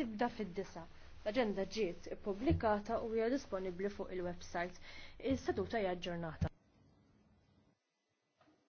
tibda fid-disa. L-agenda ġiet ippubblikata u hija disponibbli fuq il-website. Is-seduta hija ġurnata.